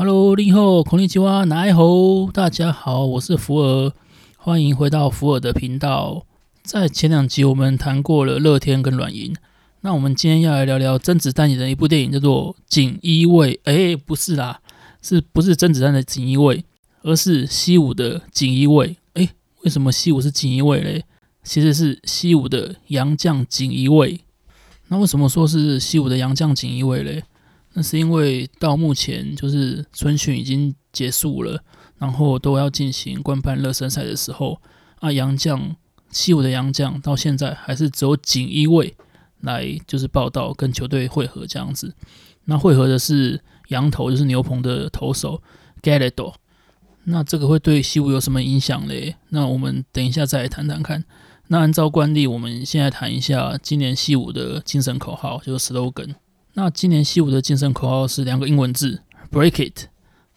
哈嘍 l 零後恐龍青蛙哪一猴？Hello, hello, 大家好，我是福兒，歡迎回到福兒的頻道。在前兩集我們談過了樂天跟軟銀，那我們今天要來聊聊甄子丹演的一部電影，叫做《錦衣衛》。誒，不是啦，是不是甄子丹的《錦衣衛》，而是西武的《錦衣衛》誒。誒，為什麼西武是錦衣衛嘞？其實是西武的洋將錦衣衛。那為什麼說是西武的洋將錦衣衛嘞？那是因為到目前就是春訓已經結束了，然後都要進行官辦熱身賽的時候，啊，洋將西武的洋將到現在還是只有僅一位來就是報道跟球隊會合這樣子。那會合的是洋投，就是牛棚的投手 Gallardo 那這個會對西武有什麼影響嘞？那我們等一下再談談看。那按照慣例，我們現在談一下今年西武的精神口號，就是 slogan。那今年西武的精神口號是兩個英文字，Break it，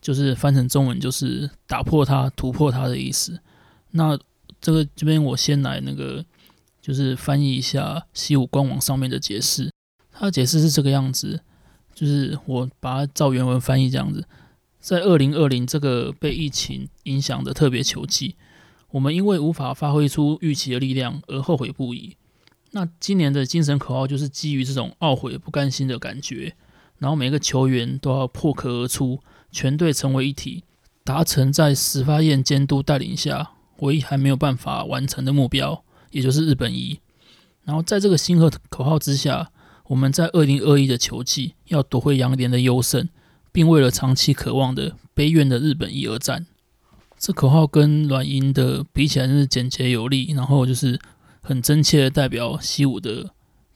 就是翻成中文就是打破它、突破它的意思。那這個這邊我先來那個，就是翻譯一下西武官網上面的解釋。它的解釋是這個樣子，就是我把它照原文翻譯這樣子。在二零二零這個被疫情影響的特別球季，我們因為無法發揮出預期的力量而後悔不已。那今年的精神口號就是基於這種懊悔、不甘心的感覺，然後每個球員都要破殼而出，全隊成為一體，達成在辻發彥監督帶領下唯一還沒有辦法完成的目標，也就是日本一。然後在這個星河口號之下，我們在二零二一的球季要奪回洋聯的優勝，並為了長期渴望的悲願的日本一而戰。這口號跟軟銀的比起來真是簡潔有力，然後就是。很真切的代表西武的，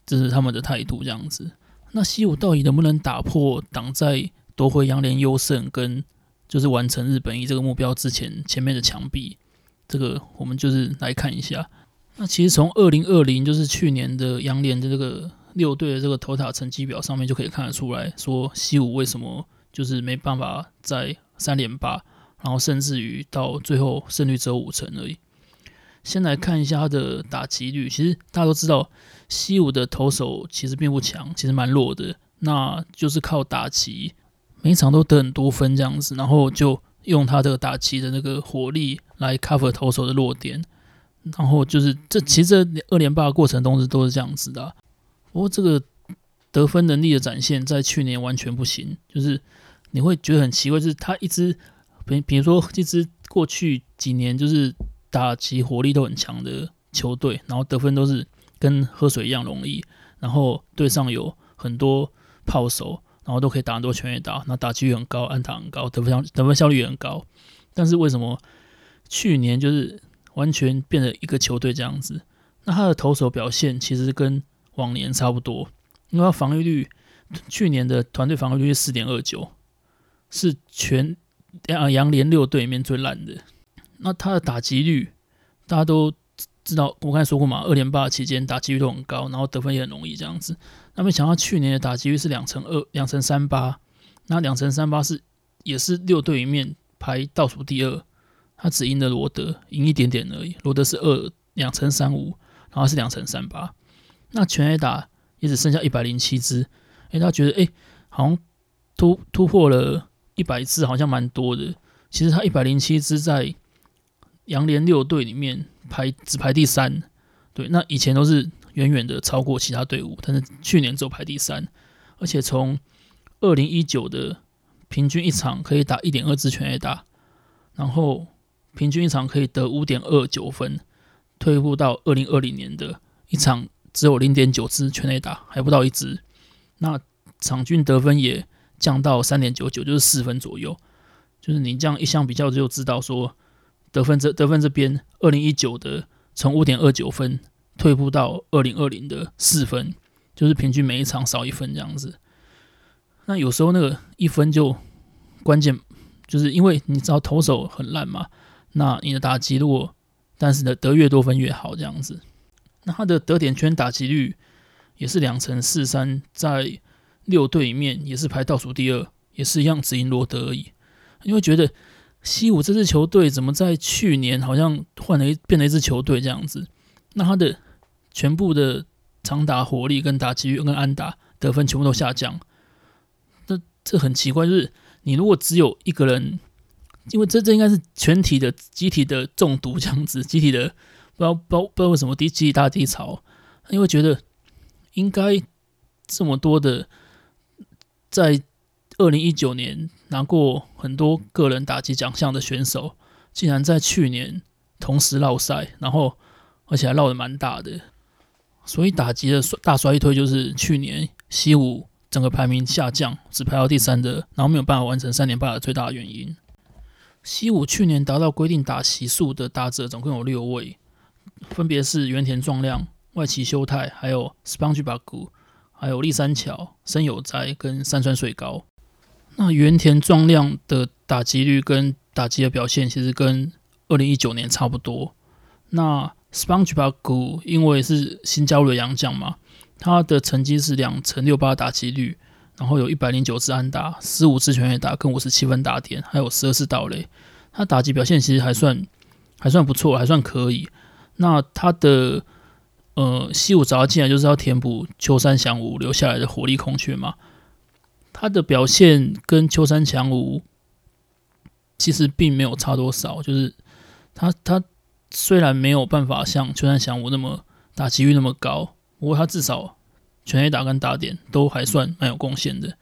這、就是他們的態度這樣子。那西武到底能不能打破擋在奪回洋聯優勝跟就是完成日本一這個目標之前前面的牆壁？這個我們就是來看一下。那其實從二零二零就是去年的洋聯的這個六隊的這個投打成績表上面就可以看得出來，說西武為什麼就是沒辦法再三連霸，然後甚至於到最後勝率只有五成而已。先來看一下他的打擊率。其實大家都知道，西武的投手其實並不強，其實蠻弱的。那就是靠打擊，每一場都得很多分這樣子，然後就用他的打擊的那個火力來 cover 投手的弱點。然後就是這其實這二連霸過程當中都是這樣子的啊。不過這個得分能力的展現，在去年完全不行，就是你會覺得很奇怪，就是他一支比比如說一支過去幾年就是。打擊火力都很強的球隊，然後得分都是跟喝水一樣容易，然後隊上有很多炮手，然後都可以打很多全壘打，那打擊率很高，安打很高，得分效得分效率也很高。但是為什麼去年就是完全變成一個球隊這樣子？那他的投手表現其實跟往年差不多，因為他防禦率去年的團隊防禦率是四點二九，是全呃洋聯六隊裡面最爛的。那他的打擊率，大家都知道，我剛才說過嘛，二連霸期間打擊率都很高，然後得分也很容易這樣子。那沒想到去年的打擊率是兩成二，兩成三八。那兩成三八是也是六隊裡面排倒數第二，他只贏了羅德，贏一點點而已。羅德是二兩成三五，然後是兩成三八。那全壘打也只剩下一百零七支，哎、欸，大家覺得哎、欸，好像突突破了一百支好像蠻多的。其實他一百零七支在。洋聯六隊裡面排只排第三，對，那以前都是遠遠的超過其他隊伍，但是去年只有排第三，而且從二零一九的平均一場可以打一點二支全壘打，然後平均一場可以得五點二九分，退步到二零二零年的一場只有零點九支全壘打，還不到一支，那場均得分也降到三點九九，就是四分左右，就是你這樣一相比較就知道說。得分這得分這邊，二零一九的從五點二九分退步到二零二零的四分，就是平均每一場少一分這樣子。那有時候那個一分就關鍵，就是因為你知道投手很爛嘛，那你的打擊如果但是呢得越多分越好這樣子。那他的得點圈打擊率也是兩成四三，在六隊裡面也是排倒數第二，也是一樣只贏羅德而已，因為覺得。西武這支球隊怎麼在去年好像換了一變了一支球隊這樣子？那他的全部的長打火力、跟打擊率、跟安打得分全部都下降，這這很奇怪。就是你如果只有一個人，因為這這應該是全體的集體的中毒這樣子，集體的不知道不不知道為什麼低集體大低潮，因為覺得應該這麼多的在。二零一九年拿過很多個人打擊獎項的選手，竟然在去年同時落賽，然後而且還落得蠻大的，所以打擊的大衰退就是去年西武整個排名下降，只排到第三的，然後沒有辦法完成三連霸的最大的原因。西武去年達到規定打席數的打者總共有六位，分別是源田壯亮、外崎修汰、還有 Spangenberg、還有栗山巧、森友哉跟山川穗高。那源田壯亮的打擊率跟打擊的表現其實跟二零一九年差不多。那 Spangenberg 因為是新加入的洋將嘛，他的成績是兩成六八打擊率，然後有一百零九次安打，十五次全壘打，跟五十七分打點，還有十二次盜壘。他打擊表現其實還算還算不錯，還算可以。那他的呃西武找他進來就是要填補秋山翔吾留下來的火力空缺嘛？他的表現跟秋山翔吾其實並沒有差多少，就是他他雖然沒有辦法像秋山翔吾那麼打擊率那麼高，不過他至少全壘打跟打點都還算蠻有貢獻的。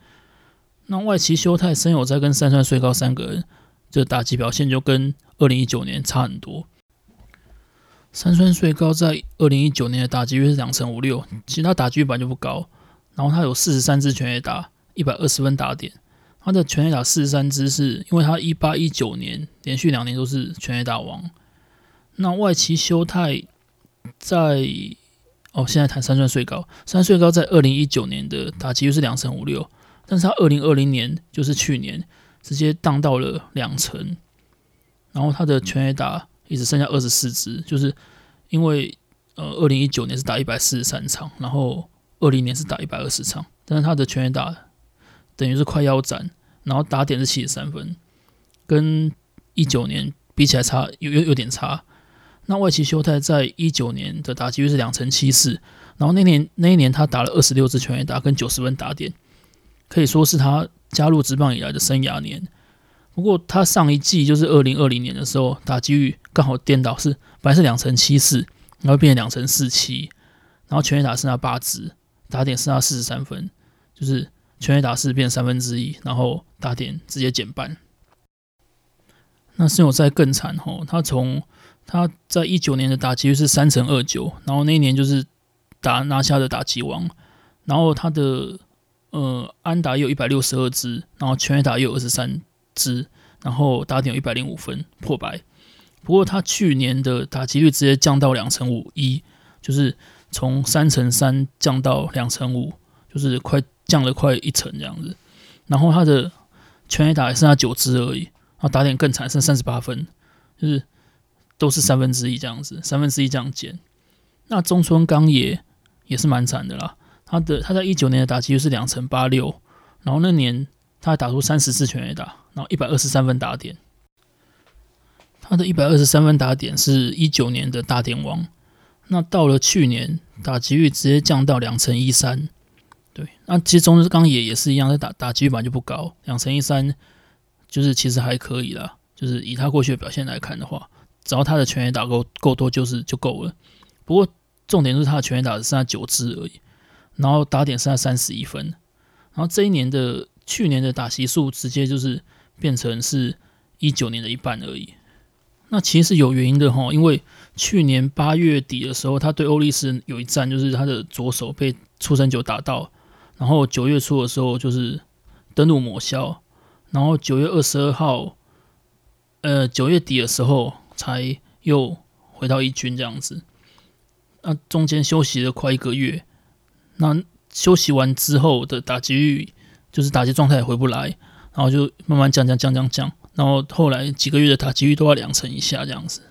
那外崎修太、森友哉跟山川穗高三個人，這打擊表現就跟二零一九年差很多。山川穗高在二零一九年的打擊率是兩成五六，其實他打擊率本就不高，然後他有四十三支全壘打。一百二十分打點，他的全壘打四十三支是，因為他一八一九年連續兩年都是全壘打王。那外崎修太在哦，現在談三鑽稅高，三鑽稅高在二零一九年的打擊率是兩成五六，6, 但是他二零二零年就是去年直接盪到了兩成，然後他的全壘打也只剩下二十四支，就是因為呃二零一九年是打一百四十三場，然後二零年是打一百二十場，但是他的全壘打，等於是快腰斬，然後打點是七十三分，跟一九年比起來差有有有點差。那外崎修太在一九年的打擊率是兩成七四，然後那年那一年他打了二十六支全壘打，跟九十分打點，可以說是他加入職棒以來的生涯年。不過他上一季就是二零二零年的時候，打擊率剛好顛倒是，本來是兩成七四，然後變成兩成四七，然後全壘打剩下八支，打點剩下四十三分，就是。全壘打四變三分之一，然後打點直接減半。那勝有更在更慘吼，他從他在一九年的打擊率是三成二九，然後那一年就是打拿下的打擊王，然後他的呃安打也有一百六十二支，然後全壘打也有二十三支，然後打點有一百零五分破百。不過他去年的打擊率直接降到兩成五，一就是從三成三降到兩成五，就是快。降了快一成這樣子，然後他的全壘打還剩下九支而已，然後打點更慘，剩三十八分，就是都是三分之一這樣子，三分之一這樣減。那中村剛也也是蠻慘的啦，他的他在一九年的打擊率是兩成八六，然後那年他還打出三十次全壘打，然後一百二十三分打點。他的一百二十三分打點是一九年的打點王，那到了去年打擊率直接降到兩成一三。對，那其實中日剛也也是一樣，在打打擊率本就不高，兩成一三就是其實還可以啦。就是以他過去的表現來看的話，只要他的全壘打夠夠多就是就夠了。不過重點就是他的全壘打只剩下九支而已，然後打點剩下三十一分，然後這一年的去年的打席數直接就是變成是一九年的一半而已。那其實有原因的哈，因為去年八月底的時候，他對歐力士有一戰，就是他的左手被觸身球打到。然後九月初的時候就是登錄抹消，然後九月二十二號，呃，九月底的時候才又回到一軍這樣子。那、啊、中間休息了快一個月，那休息完之後的打擊率就是打擊狀態也回不來，然後就慢慢降降降降降，然後後來幾個月的打擊率都在兩成以下這樣子。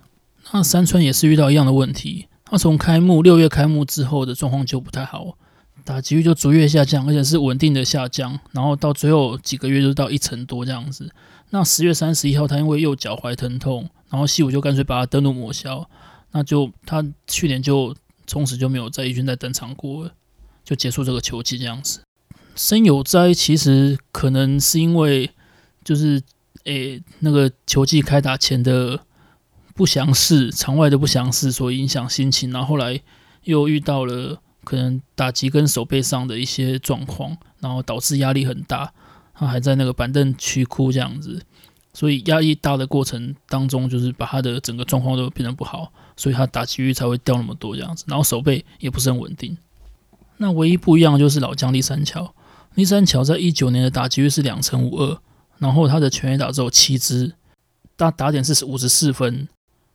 那山村也是遇到一樣的問題，他從開幕六月開幕之後的狀況就不太好。打擊率就逐月下降，而且是穩定的下降，然後到最後幾個月就到一成多這樣子。那十月三十一號，他因為右腳踝疼痛，然後西武就乾脆把他登錄抹消。那就他去年就從此就沒有在一軍再登場過了，就結束這個球季這樣子。森友哉，其實可能是因為就是誒那個球季開打前的不祥事，場外的不祥事，所以影響心情，然後後來又遇到了。可能打擊跟守備上的一些狀況，然後導致壓力很大，他還在那個板凳區哭這樣子，所以壓力大的過程當中，就是把他的整個狀況都變得不好，所以他打擊率才會掉那麼多這樣子，然後守備也不是很穩定。那唯一不一樣就是老將栗山巧，栗山巧在一九年的打擊率是兩成五二，52，然後他的全壘打只有七支，他打點是五十四分，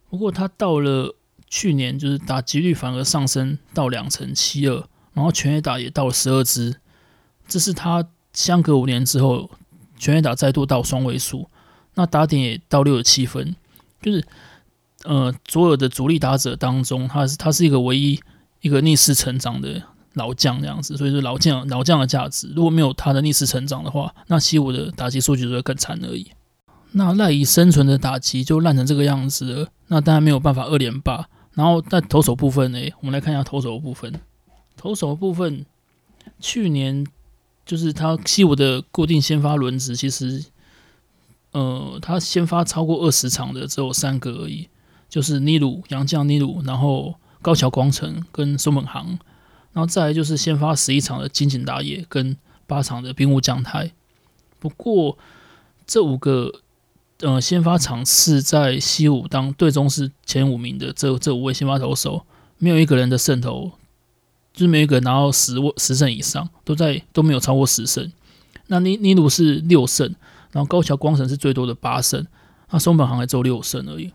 不過他到了。去年就是打擊率反而上升到兩成七二，然後全壘打也到了十二支，這是他相隔五年之後全壘打再度到雙位數，那打點也到六十七分，就是呃所有的主力打者當中，他是他是一個唯一一個逆勢成長的老將這樣子，所以說老將老將的價值，如果沒有他的逆勢成長的話，那西武的打擊數據就會更慘而已。那賴以生存的打擊就爛成這個樣子了，那當然沒有辦法二連霸。然後在投手部分呢，我們來看一下投手部分。投手部分，去年就是他西武的固定先發輪值，其實，呃，他先發超過二十場的只有三個而已，就是尼魯、洋將、尼魯，然後高橋光成跟松本航，然後再來就是先發十一場的今井達也跟八場的濱屋將太。不過這五個。呃，先發場次在西武當隊中是前五名的這，這這五位先發投手沒有一個人的勝投，就是沒有一個人拿到十勝十勝以上，都在都沒有超過十勝。那尼尼魯是六勝，然後高橋光成是最多的八勝，那松本航也只有六勝而已。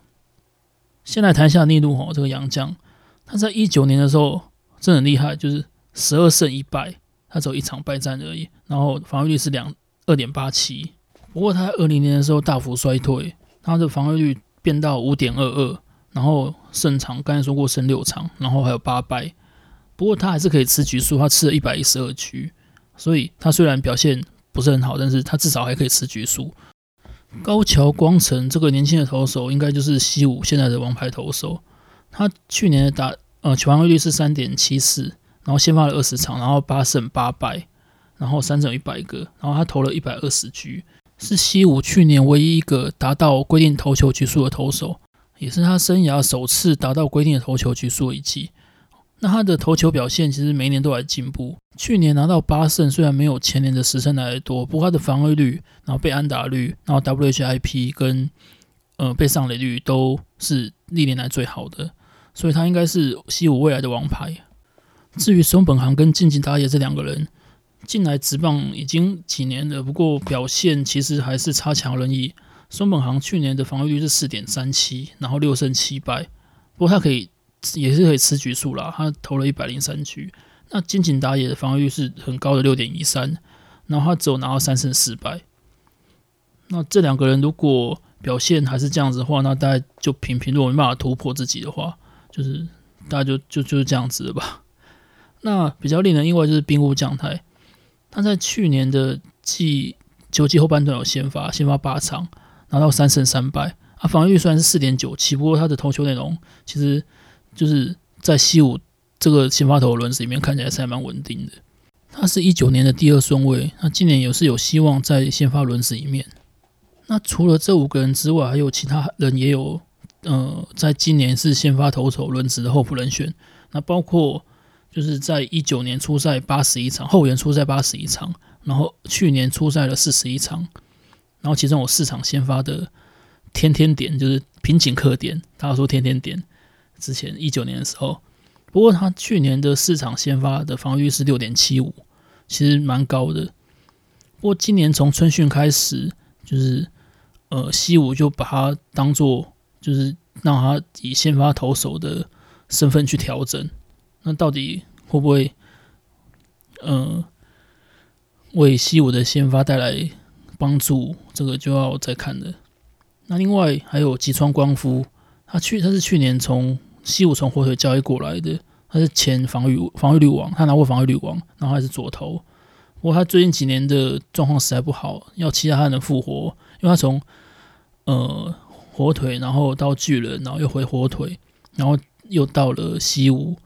先來談一下尼魯吼這個洋將，他在一九年的時候真的很厲害，就是十二勝一敗，他只有一場敗戰而已，然後防禦率是兩二點八七。不過他二零年的時候大幅衰退，他的防禦率變到五點二二，然後勝場，剛才說過勝六場，然後還有八敗。不過他還是可以吃局數，他吃了一百一十二局，所以他雖然表現不是很好，但是他至少還可以吃局數。高橋光成這個年輕的投手，應該就是西武現在的王牌投手。他去年的打呃，防禦率是三點七四，然後先發了二十場，然後八勝八敗，然後三振一百個，然後他投了一百二十局。是西武去年唯一一個達到規定投球局數的投手，也是他生涯首次達到規定的投球局數一季，那他的投球表現其實每一年都在進步，去年拿到八勝，雖然沒有前年的十勝來得多，不過他的防禦率、然後被安打率、然後 WHIP 跟呃被上壘率都是歷年來最好的，所以他應該是西武未來的王牌。至於松本航跟今井達也這兩個人。近來職棒已經幾年了，不過表現其實還是差強人意。松本航去年的防禦率是四點三七，然後六勝七敗，不過他可以也是可以吃局數啦，他投了一百零三局。那今井達也的防禦率是很高的六點一三，然後他只有拿到三勝四敗。那這兩個人如果表現還是這樣子的話，那大家就平平。如果沒辦法突破自己的話，就是大家就就就是這樣子的吧。那比較令人意外就是濱屋將太。他在去年的季秋季後半段有先發，先發八場拿到三勝三敗，啊，防禦算是四點九七，不過他的投球內容其實就是在西武這個先發投，投輪值裡面看起來是還蠻穩定的。他是一九年的第二順位，那今年也是有希望在先發輪值裡面。那除了這五個人之外，還有其他人也有呃，在今年是先發投手輪值的候補人選，那包括。就是在一九年出賽八十一場，後援出賽八十一場，然後去年出賽了四十一場，然後其中有四場先發的天天點，就是瓶頸客點，他說天天點，之前一九年的時候。不過他去年的市場先發的防禦率是六點七五，其實蠻高的，不過今年從春訓開始，就是呃西武就把他當做就是讓他以先發投手的身份去調整。那到底會不會，呃，為西武的先發帶來幫助？這個就要再看了。那另外還有吉川光夫，他去他是去年從西武從火腿交易過來的，他是前防禦防禦率王，他拿過防禦率王，然後還是左投。不過他最近幾年的狀況實在不好，要期待他能復活，因為他從呃火腿，然後到巨人，然後又回火腿，然後又到了西武，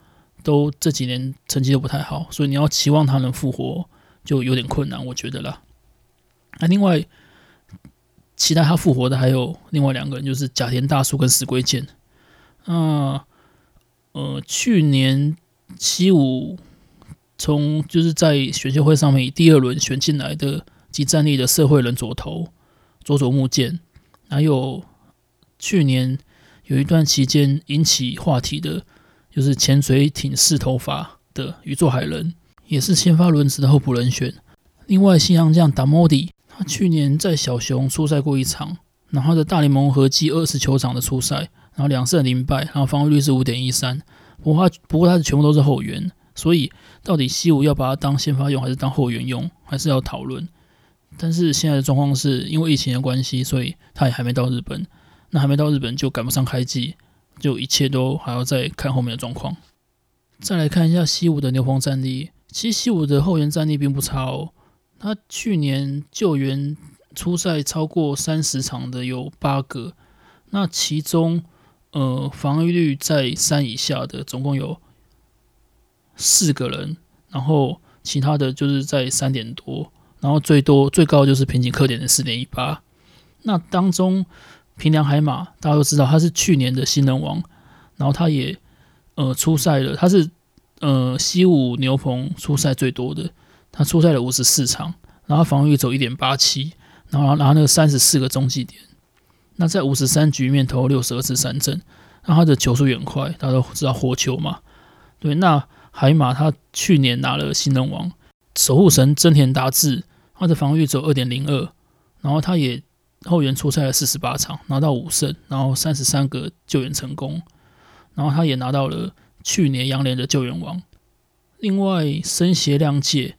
都這幾年成績都不太好，所以你要期望他能復活就有點困難，我覺得啦。那、啊、另外期待他，他復活的還有另外兩個人，就是甲田大樹跟石龜劍。那、啊、呃，去年七五從就是在選秀會上面以第二輪選進來的即戰力的社會人左投佐佐木健，還有去年有一段期間引起話題的。就是潛水艇式投法的與座海人，也是先發輪值的候補人選。另外，新洋將達摩迪，他去年在小熊出賽過一場，然後他的大聯盟合計二十球場的出賽，然後兩勝零敗，然後防禦率是五點一三。不過他，不過他的全部都是後援，所以到底西武要把他當先發用還是當後援用，還是要討論。但是現在的狀況是因為疫情的關係，所以他也還沒到日本，那還沒到日本就趕不上開季。就一切都還要再看後面的狀況。再來看一下西武的牛棚戰力，其實西武的後援戰力並不差哦。他去年救援出賽超過三十場的有八個，那其中呃防禦率在三以下的總共有四個人，然後其他的就是在三點多，然後最多最高就是平井克典的四點一八，那當中。平良海馬，大家都知道他是去年的新人王，然後他也呃出賽了，他是呃西武牛棚出賽最多的，他出賽了五十四場，然後防禦率一點八七，然後拿那個三十四個中繼點，那在五十三局面投六十二次三振，那他的球速也很快，大家都知道火球嘛，對，那海馬他去年拿了新人王，守護神增田達至，他的防禦率二點零二，然後他也。後援出賽了四十八場，拿到五勝，然後三十三個救援成功，然後他也拿到了去年洋聯的救援王。另外，森脇亮介，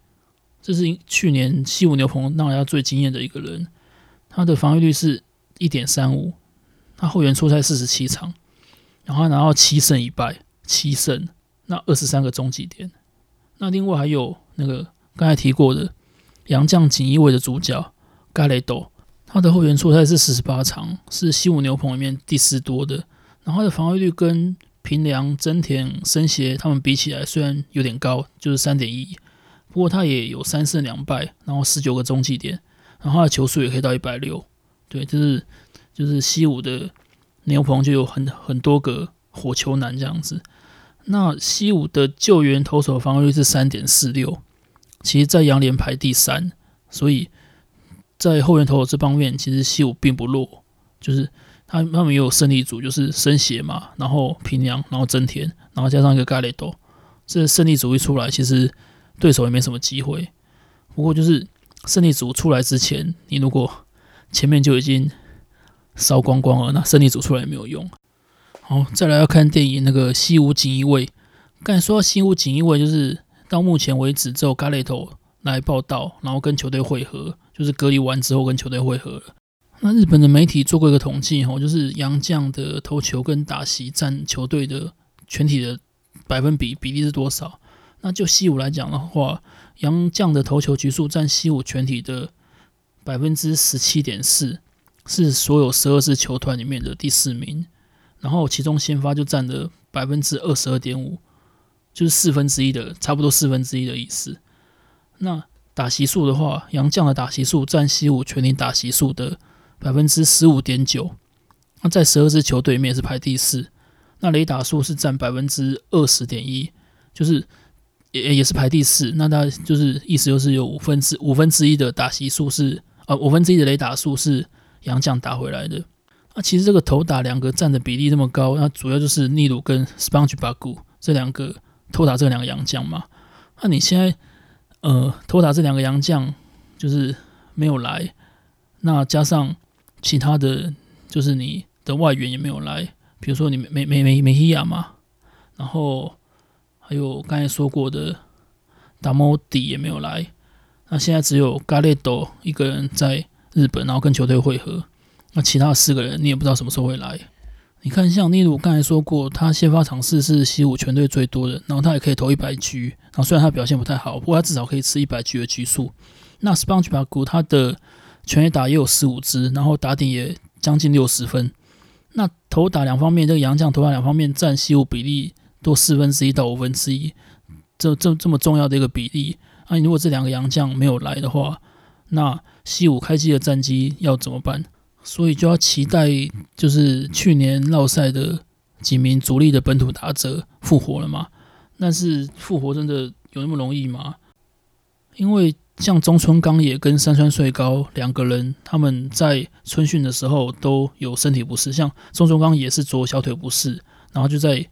這是去年西武牛棚讓大家最驚豔的一個人。他的防禦率是一點三五，他後援出賽四十七場，然後他拿到七勝一敗，七勝，那二十三個中繼點。那另外還有那個剛才提過的洋將僅一位的主角蓋雷斗。他的後援出賽是四十八場，是西武牛棚裡面第四多的。然後他的防禦率跟平良、增田、升協他們比起來，雖然有點高，就是三點一，不過他也有三勝兩敗，然後十九個中繼點，然後他的球速也可以到一百六。對，就是就是西武的牛棚就有很很多個火球男這樣子。那西武的救援投手防禦率是三點四六，其實在洋聯排第三，所以。在後援投手這方面，其實西武並不弱，就是他他們也有勝利組，就是升血嘛，然後平良，然後增田，然後加上一個加雷頭，這勝利組一出來，其實對手也沒什麼機會。不過就是勝利組出來之前，你如果前面就已經燒光光了，那勝利組出來也沒有用。好，再來要看電影那個西武錦衣衛。剛才說到西武錦衣衛，就是到目前為止只有加雷頭。來報道，然後跟球隊會合，就是隔離完之後跟球隊會合了。那日本的媒體做過一個統計，吼，就是洋將的投球跟打席占球隊的全體的百分比比例是多少？那就西武來講的話，洋將的投球局數占西武全體的百分之十七點四，是所有十二支球團裡面的第四名。然後其中先發就占了百分之二十二點五，就是四分之一的差不多四分之一的意思。那打席數的話，洋將的打席數占西武全體打席數的百分之十五點九，那在十二支球隊裡面也是排第四。那壘打數是占百分之二十點一，就是也也是排第四。那他就是意思就是有五分之五分之一的打席數是啊，呃，五分之一的壘打數是洋將打回來的。那其實這個投打兩個占的比例這麼高，那主要就是尼魯跟 Spangenberg 這兩個投打這兩個洋將嘛。那你現在。呃，托塔這兩個洋將就是沒有來，那加上其他的，就是你的外援也沒有來，比如說你梅梅梅梅西亞嘛，然後還有剛才說過的達摩底也沒有來，那現在只有嘎列斗一個人在日本，然後跟球隊會合，那其他四個人你也不知道什麼時候會來。.你看，像 Neal，我剛才說過，他先發嘗試是西武全隊最多的，然後他也可以投一百局，然後雖然他表現不太好，不過他至少可以吃一百局的局數。那 Spangenberg 他的全壘打也有十五支，然後打點也將近六十分。那投打兩方面，這個洋將投打兩方面佔西武比例多四分之一到五分之一，這這這麼重要的一個比例啊！如果這兩個洋將沒有來的話，那西武開季的戰績要怎麼辦？所以就要期待，就是去年繞賽的幾名主力的本土打者復活了嘛？但是復活真的有那麼容易嗎？因為像中村剛也跟山川穗高兩個人，他們在春訓的時候都有身體不適，像中村剛也是左小腿不適，然後就在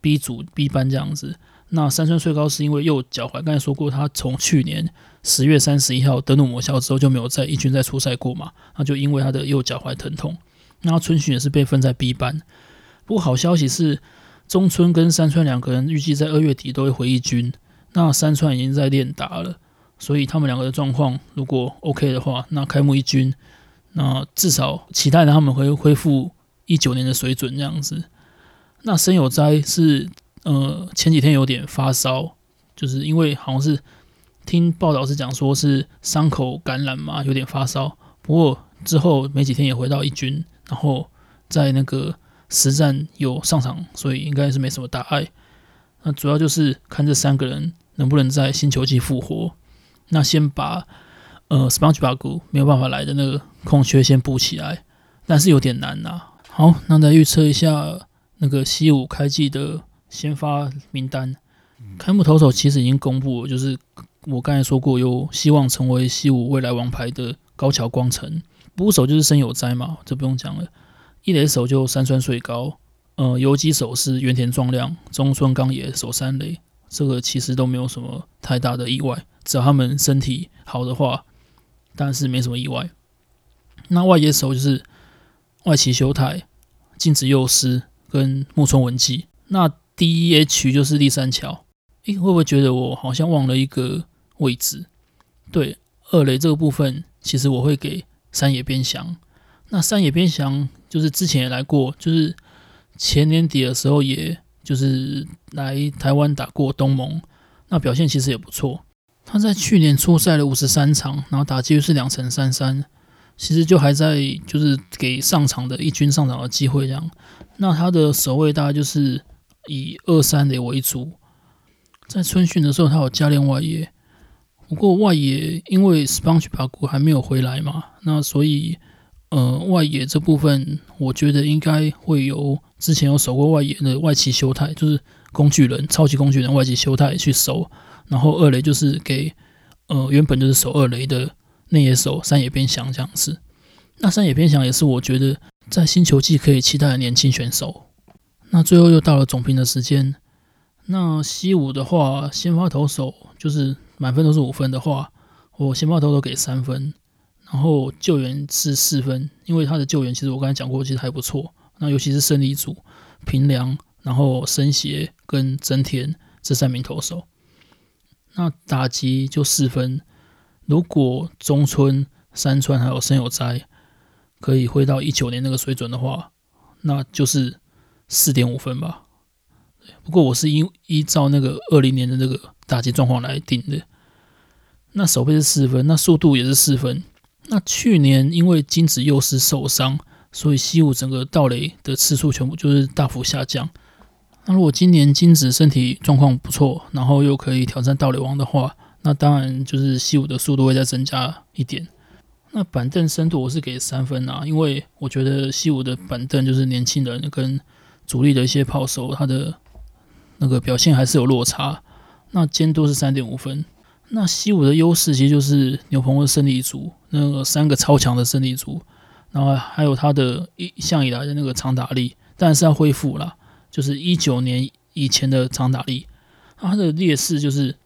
B 組 B 班這樣子。那山川穗高是因為右腳踝，剛才說過，他從去年十月三十一號登錄抹消之後就沒有在一軍再出賽過嘛，那就因為他的右腳踝疼痛。那後春訓也是被分在 B 班，不過好消息是中村跟山川兩個人預計在二月底都會回一軍。那山川已經在練打了，所以他們兩個的狀況如果 OK 的話，那開幕一軍，那至少期待呢他們會恢復一九年的水準這樣子。那森友哉是。呃，前幾天有點發燒，就是因為好像是聽報道是講說是傷口感染嘛，有點發燒。不過之後沒幾天也回到一軍，然後在那個實戰有上場，所以應該是沒什麼大礙。那主要就是看這三個人能不能在新球季復活。那先把呃，Sponge Bob 沒有辦法來的那個空缺先補起來，但是有點難吶。好，那再預測一下那個西武開季的先發名單，開幕投手其實已經公布，就是我剛才說過，有希望成為西武未來王牌的高橋光成，捕手就是森友哉嘛，這不用講了，一壘手就山川穗高，呃游擊手是源田壯亮、中村剛也守三壘，這個其實都沒有什麼太大的意外，只要他們身體好的話，但是沒什麼意外。那外野手就是外崎修汰、金子侑司跟木村文紀，那。DH 就是第三橋，誒、欸，會不會覺得我好像忘了一個位置？對，二壘這個部分，其實我會給山野邊翔，那山野邊翔就是之前也來過，就是前年底的時候，也就是來台灣打過冬盟，那表現其實也不錯。他在去年出賽了五十三場，然後打擊率是兩成三三，33，其實就還在就是給上場的一軍上場的機會這樣。那他的守衛大概就是。以二三壘為主，在春訓的時候，他有加練外野。不過外野因為 Spangenberg 還沒有回來嘛，那所以呃，外野這部分我覺得應該會由之前有守過外野的外崎修汰，就是工具人、超級工具人外崎修汰去守。然後二壘就是給呃原本就是守二壘的內野手山野邊翔這樣子。那山野邊翔也是我覺得在新球季可以期待的年輕選手。那最後又到了總評的時間。那西武的話，先發投手就是滿分都是五分的話，我先發投手給三分，然後救援是四分，因為他的救援其實我剛才講過，其實還不錯。那尤其是勝利組平良，然後森脇跟增田這三名投手，那打擊就四分。如果中村、山川還有森友哉可以回到一九年那個水準的話，那就是。四點五分吧，不過我是依依照那個二零年的那個打擊狀況來定的。那守備是四分，那速度也是四分。那去年因為金子侑司受傷，所以西武整個盜壘的次數全部就是大幅下降。那如果今年金子身體狀況不錯，然後又可以挑戰盜壘王的話，那當然就是西武的速度會再增加一點。那板凳深度我是給三分啊，因為我覺得西武的板凳就是年輕人跟主力的一些炮手，他的那個表現還是有落差。那監督是三點五分。那西武的優勢其實就是牛棚的勝利組，那個三個超強的勝利組，然後還有他的一向以來的那個長打力，但是要恢復了，就是一九年以前的長打力。它，他的劣勢就是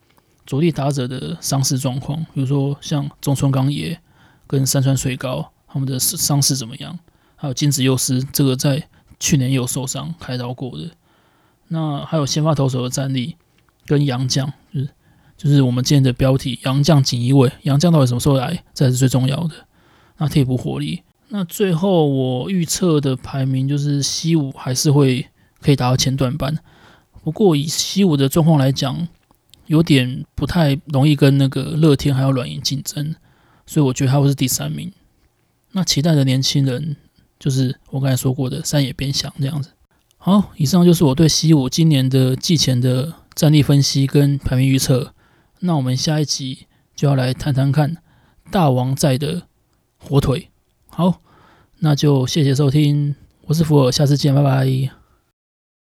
主力打者的傷勢狀況，比如說像中村剛也跟山川穗高他們的傷勢怎麼樣，還有金子侑司這個在。去年也有受傷開刀過的，那還有先發投手的戰力跟洋將，就是就是我們今天的標題，洋將僅一位，洋將到底什麼時候來？這還是最重要的。那替補火力，那最後我預測的排名就是西武還是會可以達到前段班。不過以西武的狀況來講，有點不太容易跟那個樂天還有軟銀競爭，所以我覺得他會是第三名。那期待的年輕人。就是我剛才說過的山野邊翔這樣子。好，以上就是我對西武今年的季前的戰力分析跟排名預測。那我們下一集就要來談談看大王在的火腿。好，那就謝謝收聽，我是福爾，下次見，拜拜。